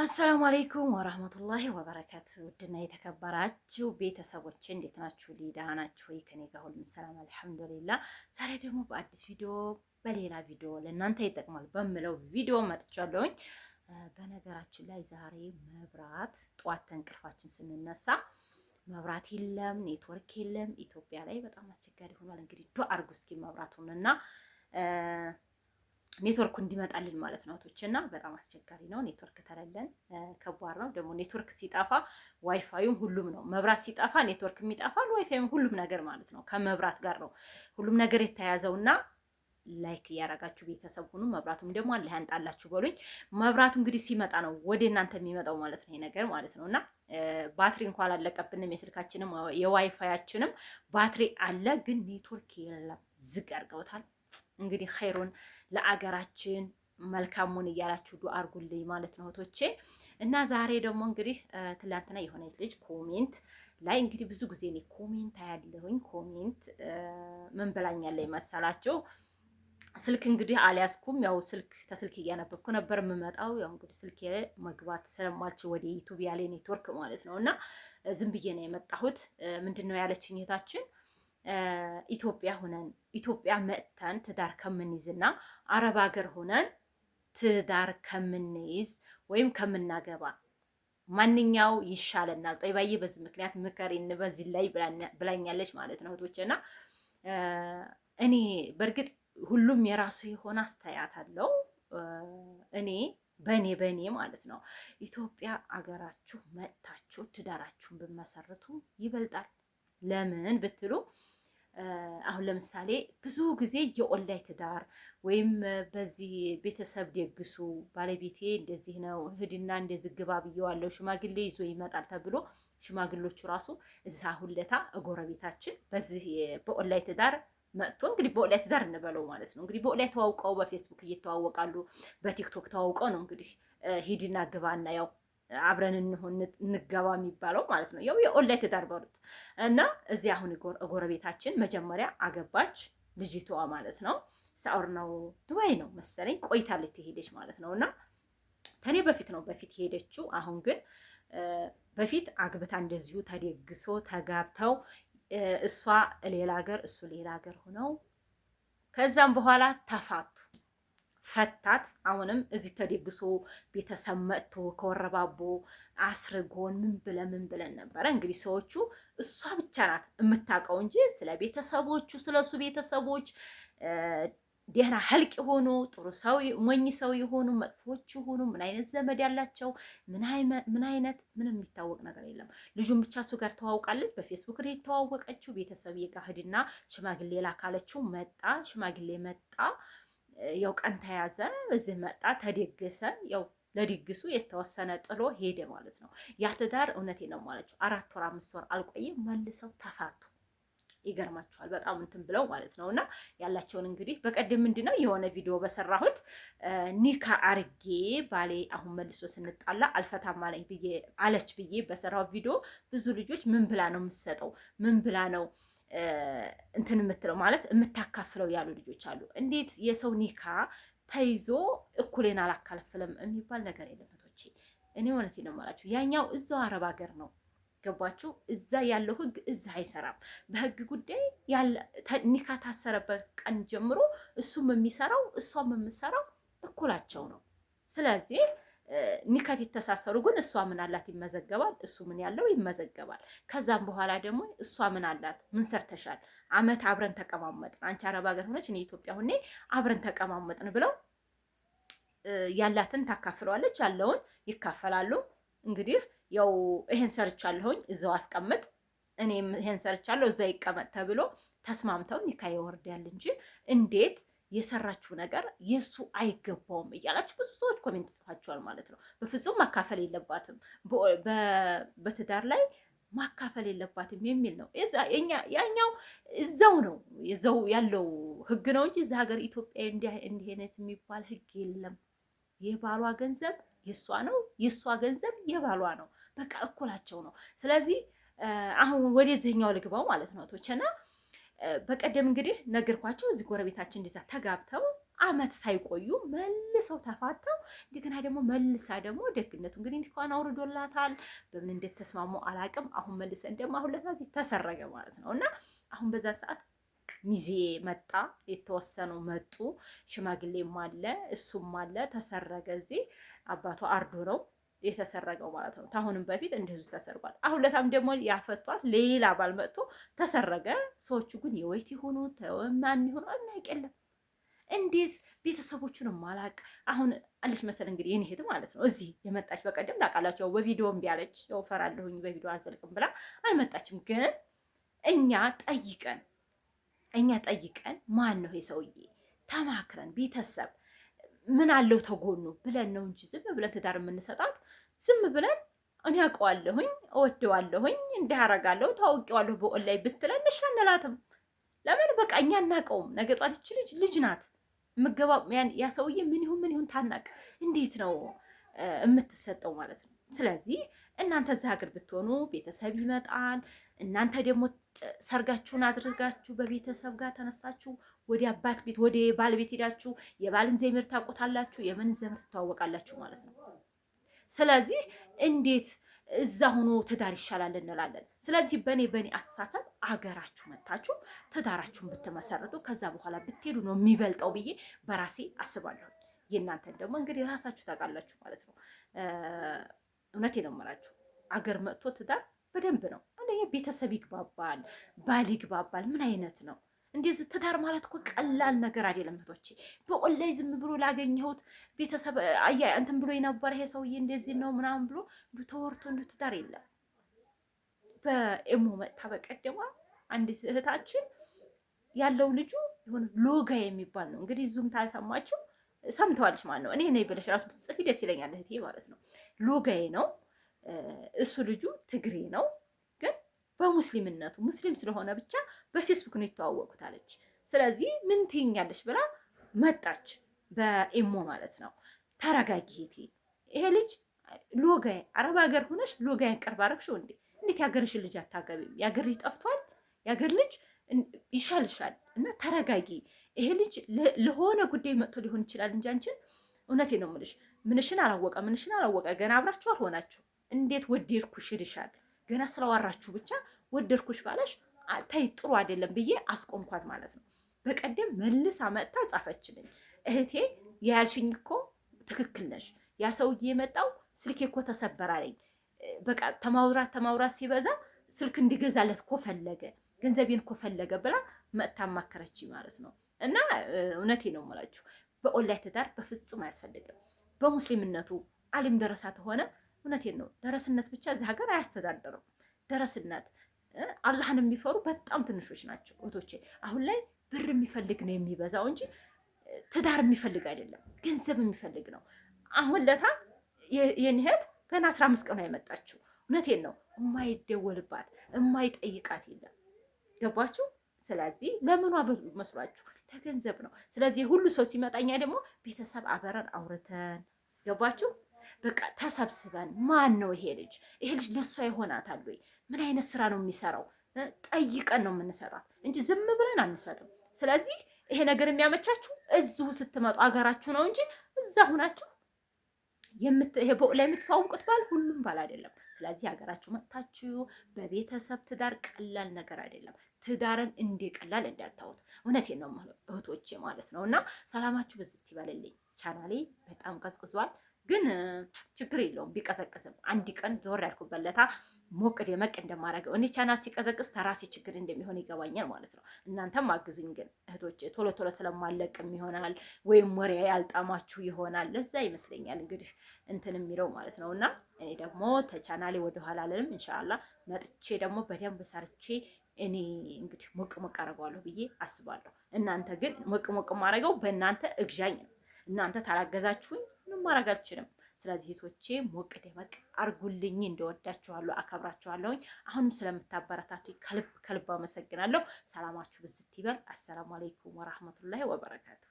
አሰላሙ አሌይኩም ወራህመቱላሂ ወበረከቱ። ውድና የተከበራችሁ ቤተሰቦች እንዴት ናችሁ? ሊዳ ናችሁ ወይ? ከኔ ጋር ሁሉም ሰላም አልሐምዱሊላህ። ዛሬ ደግሞ በአዲስ ቪዲዮ በሌላ ቪዲዮ ለእናንተ ይጠቅማል በምለው ቪዲዮ መጥቻለሁኝ። በነገራችን ላይ ዛሬ መብራት ጠዋት ተንቅልፋችን ስንነሳ መብራት የለም፣ ኔትወርክ የለም። ኢትዮጵያ ላይ በጣም አስቸጋሪ ሆኗል። እንግዲህ ዶ አርጉ እስኪ መብራቱንና ኔትወርኩ እንዲመጣልን ማለት ነው እህቶች። እና በጣም አስቸጋሪ ነው ኔትወርክ ተለለን ከባድ ነው ደግሞ ኔትወርክ ሲጠፋ ዋይፋዩም ሁሉም ነው። መብራት ሲጠፋ ኔትወርክ ይጠፋል፣ ዋይፋዩም ሁሉም ነገር ማለት ነው። ከመብራት ጋር ነው ሁሉም ነገር የተያያዘውና ላይክ እያረጋችሁ ቤተሰብ ሁኑ። መብራቱም ደግሞ አለ ያንጣላችሁ በሉኝ። መብራቱ እንግዲህ ሲመጣ ነው ወደ እናንተ የሚመጣው ማለት ነው ይሄ ነገር ማለት ነው። እና ባትሪ እንኳ አላለቀብንም የስልካችንም የዋይፋያችንም ባትሪ አለ፣ ግን ኔትወርክ የለም ዝግ ያድርገውታል። እንግዲህ ኸይሩን ለአገራችን መልካሙን እያላችሁ ዱ አርጉልኝ ማለት ነው እህቶቼ። እና ዛሬ ደግሞ እንግዲህ ትላንትና የሆነች ልጅ ኮሜንት ላይ እንግዲህ ብዙ ጊዜ እኔ ኮሜንት አያለሁኝ። ኮሜንት ምን ብላኛለች መሰላችሁ? ስልክ እንግዲህ አልያዝኩም። ያው ስልክ ተስልክ እያነበብኩ ነበር የምመጣው። ያው እንግዲህ ስልክ መግባት ስለማልችል ወደ ዩቱብ ያለ ኔትወርክ ማለት ነው እና ዝም ብዬ ነው የመጣሁት። ምንድን ነው ያለችኝ እህታችን ኢትዮጵያ ሆነን ኢትዮጵያ መጥተን ትዳር ከምንይዝና አረብ ሀገር ሆነን ትዳር ከምንይዝ ወይም ከምናገባ ማንኛው ይሻለናል? ጠይባዬ በዚህ ምክንያት ምከሪን በዚህ ላይ ብላኛለች ማለት ነው እህቶቼ እና እኔ በእርግጥ ሁሉም የራሱ የሆነ አስተያየት አለው። እኔ በእኔ በእኔ ማለት ነው ኢትዮጵያ አገራችሁ መጥታችሁ ትዳራችሁን ብመሰርቱ ይበልጣል። ለምን ብትሉ አሁን ለምሳሌ ብዙ ጊዜ የኦንላይ ትዳር ወይም በዚህ ቤተሰብ ደግሱ ባለቤቴ እንደዚህ ነው እህድና እንደዚህ ግባ ብየዋለው ሽማግሌ ይዞ ይመጣል ተብሎ ሽማግሎቹ ራሱ እዛ ሁለታ ጎረቤታችን በዚህ በኦንላይ ትዳር መጥቶ እንግዲህ በኦንላይ ትዳር እንበለው ማለት ነው። እንግዲህ በኦንላይ ተዋውቀው በፌስቡክ እየተዋወቃሉ በቲክቶክ ተዋውቀው ነው እንግዲህ ሂድና ግባና ያው አብረን እንሆን እንገባ የሚባለው ማለት ነው። ያው የኦንላይን ትዳር በሉት እና እዚህ አሁን ጎረቤታችን መጀመሪያ አገባች ልጅቷ ማለት ነው። ሳኦር ነው ዱባይ ነው መሰለኝ ቆይታለች ትሄደች ማለት ነው። እና ከኔ በፊት ነው በፊት ሄደችው። አሁን ግን በፊት አግብታ እንደዚሁ ተደግሶ ተጋብተው እሷ ሌላ ሀገር እሱ ሌላ ሀገር ሆነው ከዛም በኋላ ተፋቱ። ፈታት። አሁንም እዚህ ተደግሶ ቤተሰብ መጥቶ ከወረባቦ አስርጎን ምን ብለ ምን ብለን ነበረ። እንግዲህ ሰዎቹ እሷ ብቻ ናት የምታውቀው እንጂ ስለ ቤተሰቦቹ ስለ እሱ ቤተሰቦች ደህና ህልቅ የሆኑ ጥሩ ሰው ሞኝ ሰው የሆኑ መጥፎች የሆኑ ምን አይነት ዘመድ ያላቸው ምን አይነት ምንም የሚታወቅ ነገር የለም። ልጁን ብቻ እሱ ጋር ተዋውቃለች። በፌስቡክ ላይ የተዋወቀችው ቤተሰብ የጋህድና ሽማግሌ ላካለችው መጣ። ሽማግሌ መጣ። ያው ቀን ተያዘ፣ እዚህ መጣ፣ ተደገሰ። ያው ለድግሱ የተወሰነ ጥሎ ሄደ ማለት ነው። ያ ትዳር እውነቴ ነው ማለት ነው። አራት ወር አምስት ወር አልቆየም፣ መልሰው ተፋቱ። ይገርማችኋል በጣም እንትን ብለው ማለት ነው። እና ያላቸውን እንግዲህ በቀደም ነው የሆነ ቪዲዮ በሰራሁት ኒካ አርጌ ባሌ አሁን መልሶ ስንጣላ አልፈታም አለኝ ብዬ አለች ብዬ በሰራው ቪዲዮ ብዙ ልጆች ምን ብላ ነው የምትሰጠው? ምን ብላ ነው እንትን የምትለው ማለት የምታካፍለው ያሉ ልጆች አሉ። እንዴት የሰው ኒካ ተይዞ እኩሌን አላካለፍለም የሚባል ነገር የለም። እኔ እውነቴን ነው የምላችሁ። ያኛው እዛው አረብ ሀገር ነው ገባችሁ? እዛ ያለው ህግ እዛ አይሰራም። በህግ ጉዳይ ኒካ ታሰረበት ቀን ጀምሮ እሱም የሚሰራው እሷም የምሰራው እኩላቸው ነው። ስለዚህ ኒከት ይተሳሰሩ ግን እሷ ምን አላት ይመዘገባል፣ እሱ ምን ያለው ይመዘገባል። ከዛም በኋላ ደግሞ እሷ ምን አላት ምን ሰርተሻል፣ አመት አብረን ተቀማመጥን፣ አንቺ አረብ ሀገር ሆነች እኔ ኢትዮጵያ ሁኔ አብረን ተቀማመጥን ብለው ያላትን ታካፍለዋለች፣ ያለውን ይካፈላሉ። እንግዲህ ያው ይሄን ሰርቻለሁኝ እዛው አስቀምጥ፣ እኔም ይሄን ሰርቻለሁ እዛ ይቀመጥ ተብሎ ተስማምተው ኒካ ይወርዳል እንጂ እንዴት የሰራችው ነገር የእሱ አይገባውም እያላችሁ ብዙ ሰዎች ኮሜንት ጽፋችኋል ማለት ነው። በፍጹም ማካፈል የለባትም በትዳር ላይ ማካፈል የለባትም የሚል ነው። ያኛው እዛው ነው እዛው ያለው ህግ ነው እንጂ እዚ ሀገር ኢትዮጵያ እንዲህ አይነት የሚባል ህግ የለም። የባሏ ገንዘብ የእሷ ነው፣ የእሷ ገንዘብ የባሏ ነው። በቃ እኩላቸው ነው። ስለዚህ አሁን ወደዚህኛው ልግባው ማለት ነው ቶቸና በቀደም እንግዲህ ነገርኳቸው። እዚህ ጎረቤታችን እንደዛ ተጋብተው አመት ሳይቆዩ መልሰው ተፋተው እንደገና ደግሞ መልሳ ደግሞ ደግነቱ እንግዲህ እንዲኳን አውርዶላታል። በምን እንዴት ተስማሙ አላቅም። አሁን መልሰ እንደማ አሁን ለታ ተሰረገ ማለት ነው እና አሁን በዛ ሰዓት ሚዜ መጣ፣ የተወሰኑ መጡ፣ ሽማግሌም አለ እሱም አለ ተሰረገ። እዚህ አባቱ አርዶ ነው የተሰረቀው ማለት ነው። ከአሁንም በፊት እንደዙ ተሰርቋል። አሁን ለታም ደግሞ ያፈቷት ሌላ ባል መጥቶ ተሰረገ። ሰዎቹ ግን የወይት ይሆኑ ተማን ይሆኑ አናውቅ የለም። እንዴት ቤተሰቦቹን ማላቅ አሁን አለች መሰል እንግዲህ የኔ እህት ማለት ነው። እዚህ የመጣች በቀደም ታውቃላችሁ፣ ያው በቪዲዮ እምቢ አለች። ያው እፈራለሁኝ በቪዲዮ አልዘልቅም ብላ አልመጣችም። ግን እኛ ጠይቀን እኛ ጠይቀን ማን ነው ይሄ ሰውዬ ተማክረን ቤተሰብ ምን አለው ተጎኑ ብለን ነው እንጂ ዝም ብለን ትዳር የምንሰጣት ዝም ብለን እኔ አውቀዋለሁኝ እወደዋለሁኝ እንዳያረጋለሁ ታውቂዋለሁ ላይ ብትለን እሺ ለምን በቃ እኛ እናቀውም። ነገ ጧት ይች ልጅ ልጅ ናት የምገባ ያ ሰውዬ ምን ይሁን ምን ይሁን ታናቅ እንዴት ነው የምትሰጠው ማለት ነው። ስለዚህ እናንተ እዚህ ሀገር ብትሆኑ ቤተሰብ ይመጣል። እናንተ ደግሞ ሰርጋችሁን አድርጋችሁ በቤተሰብ ጋር ተነሳችሁ ወደ አባት ቤት ወደ ባል ቤት ሄዳችሁ የባልን ዘመድ ታውቁታላችሁ፣ የምን ዘመድ ትተዋወቃላችሁ ማለት ነው። ስለዚህ እንዴት እዛ ሆኖ ትዳር ይሻላል እንላለን። ስለዚህ በእኔ በእኔ አስተሳሰብ አገራችሁ መታችሁ ትዳራችሁን ብትመሰርቱ ከዛ በኋላ ብትሄዱ ነው የሚበልጠው ብዬ በራሴ አስባለሁ። የእናንተን ደግሞ እንግዲህ ራሳችሁ ታውቃላችሁ ማለት ነው። እውነቴ ነው የምላችሁ አገር መጥቶ ትዳር በደንብ ነው። አንደኛ ቤተሰብ ይግባባል፣ ባል ይግባባል። ምን አይነት ነው እንደዚህ ትዳር ማለት እኮ ቀላል ነገር አይደለም እህቶቼ። በኦንላይ ዝም ብሎ ላገኘሁት ቤተሰብ አያ እንትን ብሎ የነበረ ይሄ ሰውዬ እንደዚህ ነው ምናምን ብሎ እንዱ ተወርቶ እንዱ ትዳር የለም። በኤሞ መጥታ በቀደማ አንድ እህታችን ያለው ልጁ የሆነ ሎጋ የሚባል ነው እንግዲህ ዙም ታልሰማችሁ ሰምተዋለች ማለት ነው። እኔ ነኝ ብለሽ ራሱ ብትጽፊ ደስ ይለኛል እህቴ ማለት ነው። ሎጋዬ ነው እሱ ልጁ ትግሬ ነው፣ ግን በሙስሊምነቱ ሙስሊም ስለሆነ ብቻ በፌስቡክ ነው የተዋወቁት አለች። ስለዚህ ምን ትይኛለች ብላ መጣች በኢሞ ማለት ነው። ተረጋጊ እህቴ፣ ይሄ ልጅ ሎጋዬ አረብ ሀገር ሆነሽ ሎጋዬን ቅርብ አረግሽው እንዴ? እንዴት ያገርሽን ልጅ አታገቢም? ያገር ልጅ ጠፍቷል። ያገር ልጅ ይሻልሻል እና ተረጋጊ ይሄ ልጅ ለሆነ ጉዳይ መጥቶ ሊሆን ይችላል እንጂ አንቺን እውነቴ ነው የምልሽ፣ ምንሽን አላወቀ ምንሽን አላወቀ። ገና አብራችሁ አልሆናችሁ እንዴት ወደድኩሽ ይልሻል። ገና ስለዋራችሁ ብቻ ወደድኩሽ ባለሽ ተይ ጥሩ አይደለም ብዬ አስቆምኳት ማለት ነው። በቀደም መልስ አመጥታ ጻፈችልኝ። እህቴ የያልሽኝ እኮ ትክክል ነሽ። ያ ሰውዬ የመጣው ስልኬ እኮ ተሰበር አለኝ። በቃ ተማውራት ተማውራት ሲበዛ ስልክ እንዲገዛለት እኮ ፈለገ፣ ገንዘቤን እኮ ፈለገ ብላ መጥታ አማከረችኝ ማለት ነው። እና እውነቴ ነው የምላችሁ በኦንላይን ትዳር በፍጹም አያስፈልግም። በሙስሊምነቱ አሊም ደረሳ ተሆነ እውነቴን ነው ደረስነት ብቻ እዚህ ሀገር አያስተዳደርም። ደረስነት አላህን የሚፈሩ በጣም ትንሾች ናቸው እህቶቼ። አሁን ላይ ብር የሚፈልግ ነው የሚበዛው እንጂ ትዳር የሚፈልግ አይደለም፣ ገንዘብ የሚፈልግ ነው። አሁን ለታ የኔ ገና አስራ አምስት ቀን አይመጣችሁ። እውነቴን ነው የማይደወልባት የማይጠይቃት የለም። ገባችሁ? ስለዚህ ለምኗ መስሏችሁ ለገንዘብ ነው። ስለዚህ ሁሉ ሰው ሲመጣ ደግሞ ቤተሰብ አበረን አውርተን ገባችሁ? በቃ ተሰብስበን ማን ነው ይሄ ልጅ ይሄ ልጅ ለእሷ ይሆናታል ወይ ምን አይነት ስራ ነው የሚሰራው ጠይቀን ነው የምንሰጣት እንጂ ዝም ብለን አንሰጥም። ስለዚህ ይሄ ነገር የሚያመቻችሁ እዚሁ ስትመጡ አገራችሁ ነው እንጂ እዛ ሁናችሁ ላይ የምትተዋውቁት ባል ሁሉም ባል አይደለም። ስለዚህ ሀገራችሁ መጥታችሁ በቤተሰብ ትዳር ቀላል ነገር አይደለም። ትዳርን እንዴ ቀላል እንዳታዩት። እውነቴን ነው እህቶቼ ማለት ነው። እና ሰላማችሁ በዚህ ይበልልኝ። ቻናሌ በጣም ቀዝቅዟል። ግን ችግር የለውም ቢቀዘቅዝም፣ አንድ ቀን ዞር ያልኩበት ለታ ሞቅ ደመቅ እንደማደርገው እኔ ቻናል ሲቀዘቅዝ ተራሴ ችግር እንደሚሆን ይገባኛል ማለት ነው። እናንተም አግዙኝ ግን እህቶች፣ ቶሎ ቶሎ ስለማለቅም ይሆናል ወይም ወሬ ያልጣማችሁ ይሆናል። ለዛ ይመስለኛል እንግዲህ እንትን የሚለው ማለት ነው። እና እኔ ደግሞ ተቻናሌ ወደኋላ አልልም። እንሻላ መጥቼ ደግሞ በደንብ ሰርቼ እኔ እንግዲህ ሞቅ ሞቅ አደርገዋለሁ ብዬ አስባለሁ። እናንተ ግን ሞቅ ሞቅ ማድረገው በእናንተ እግዣኝ ነው። እናንተ ታላገዛችሁኝ ማድረግ አልችልም። ስለዚህ እህቶቼ ሞቅ ደመቅ አርጉልኝ። እንደወዳችኋለሁ፣ አከብራችኋለሁኝ። አሁንም ስለምታበረታቱ ከልብ ከልብ አመሰግናለሁ። ሰላማችሁ ብዝት ይበል። አሰላሙ አለይኩም ወራህመቱላሂ ወበረካቱ።